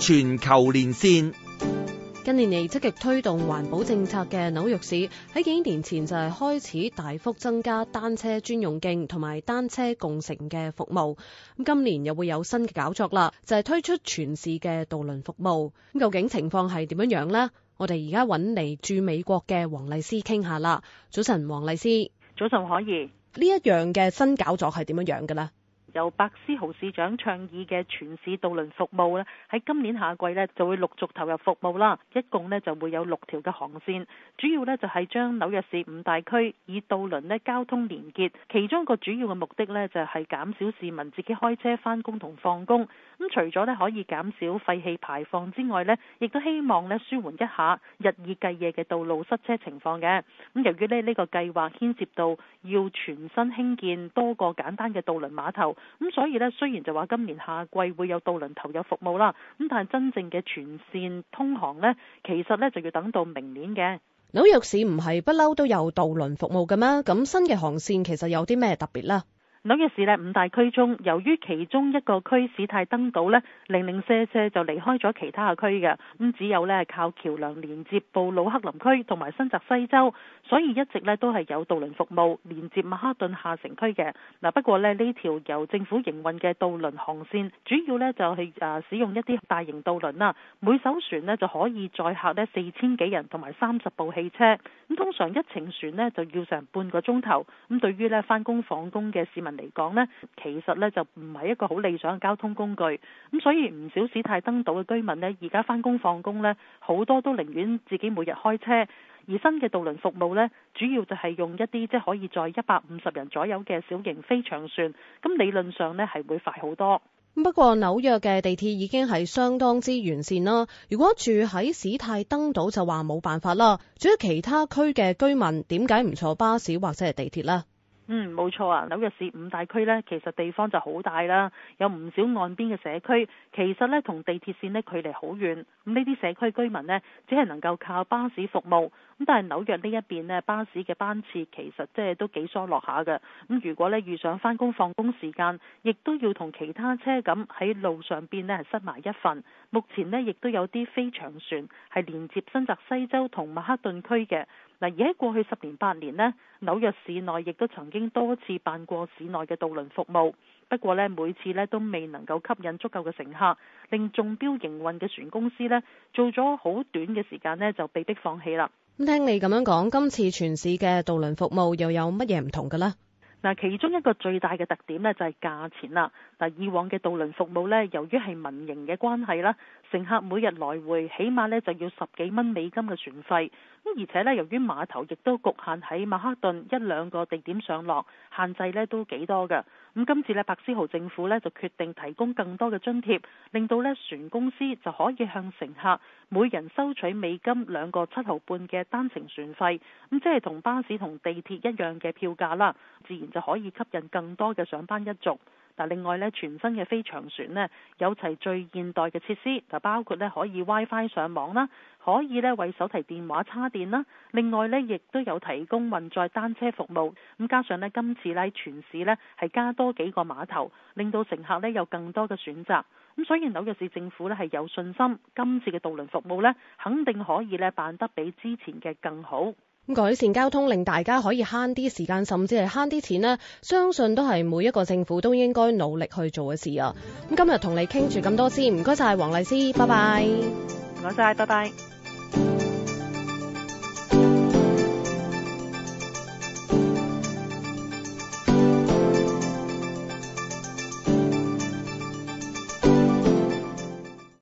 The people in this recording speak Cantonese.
全球連線。近年嚟積極推動環保政策嘅紐約市，喺幾年前就係開始大幅增加單車專用徑同埋單車共乘嘅服務。咁今年又會有新嘅搞作啦，就係、是、推出全市嘅渡輪服務。咁究竟情況係點樣樣呢？我哋而家搵嚟駐美國嘅黃麗施傾下啦。早晨，黃麗施。早晨，可以。呢一樣嘅新搞作係點樣樣嘅呢？由白思豪市長倡議嘅全市渡輪服務咧，喺今年夏季咧就會陸續投入服務啦，一共咧就會有六條嘅航線，主要咧就係將紐約市五大區以渡輪咧交通連結，其中一個主要嘅目的咧就係減少市民自己開車返工同放工。咁除咗呢可以減少廢氣排放之外呢，亦都希望呢舒緩一下日以繼夜嘅道路塞車情況嘅。咁由於呢呢個計劃牽涉到要全新興建多個簡單嘅渡輪碼頭，咁所以呢雖然就話今年夏季會有渡輪投入服務啦，咁但係真正嘅全線通航呢，其實呢就要等到明年嘅。紐約市唔係不嬲都有渡輪服務㗎咩？咁新嘅航線其實有啲咩特別呢？紐約市呢，五大區中，由於其中一個區史泰登島呢零零舍舍就離開咗其他嘅區嘅，咁只有呢係靠橋梁連接布魯克林區同埋新澤西州，所以一直呢都係有渡輪服務連接曼哈頓下城區嘅。嗱不過呢呢條由政府營運嘅渡輪航線，主要呢就係誒使用一啲大型渡輪啦，每艘船呢就可以載客呢四千幾人同埋三十部汽車。咁通常一程船呢就要成半個鐘頭。咁對於呢返工放工嘅市民，嚟講呢，其實呢，就唔係一個好理想嘅交通工具，咁所以唔少史泰登島嘅居民呢，而家返工放工呢，好多都寧願自己每日開車。而新嘅渡輪服務呢，主要就係用一啲即係可以載一百五十人左右嘅小型飛翔船，咁理論上呢，係會快好多。不過紐約嘅地鐵已經係相當之完善啦。如果住喺史泰登島就話冇辦法啦。住喺其他區嘅居民點解唔坐巴士或者係地鐵呢？嗯，冇錯啊，紐約市五大區呢，其實地方就好大啦，有唔少岸邊嘅社區，其實呢，同地鐵線呢，距離好遠，咁呢啲社區居民呢，只係能夠靠巴士服務。咁但係紐約呢一邊咧，巴士嘅班次其實即係都幾疏落下㗎。咁如果咧遇上返工放工時間，亦都要同其他車咁喺路上邊咧係塞埋一份。目前呢，亦都有啲飛翔船係連接新澤西州同曼克頓區嘅嗱。而喺過去十年八年呢，紐約市內亦都曾經多次辦過市內嘅渡輪服務，不過呢，每次呢都未能夠吸引足夠嘅乘客，令中標營運嘅船公司呢做咗好短嘅時間呢就被迫放棄啦。聽你咁樣講，今次全市嘅渡輪服務又有乜嘢唔同嘅呢？嗱，其中一個最大嘅特點呢就係價錢啦。嗱，以往嘅渡輪服務呢，由於係民營嘅關係啦，乘客每日來回起碼呢就要十幾蚊美金嘅船費。而且呢，由於碼頭亦都局限喺曼克頓一兩個地點上落，限制呢都幾多㗎。咁今次咧，白思豪政府咧就決定提供更多嘅津貼，令到咧船公司就可以向乘客每人收取美金兩個七毫半嘅單程船費，咁即係同巴士同地鐵一樣嘅票價啦，自然就可以吸引更多嘅上班一族。嗱，另外咧，全新嘅飛翔船有齊最現代嘅設施，就包括咧可以 WiFi 上網啦，可以咧為手提電話叉電啦，另外咧亦都有提供運載單車服務。咁加上咧今次咧全市咧係加多幾個碼頭，令到乘客咧有更多嘅選擇。咁所以紐約市政府咧係有信心，今次嘅渡輪服務咧肯定可以咧辦得比之前嘅更好。改善交通令大家可以慳啲時間，甚至係慳啲錢咧，相信都係每一個政府都應該努力去做嘅事啊！咁今日同你傾住咁多先，唔該晒，黃麗施，拜拜。唔該晒，拜拜。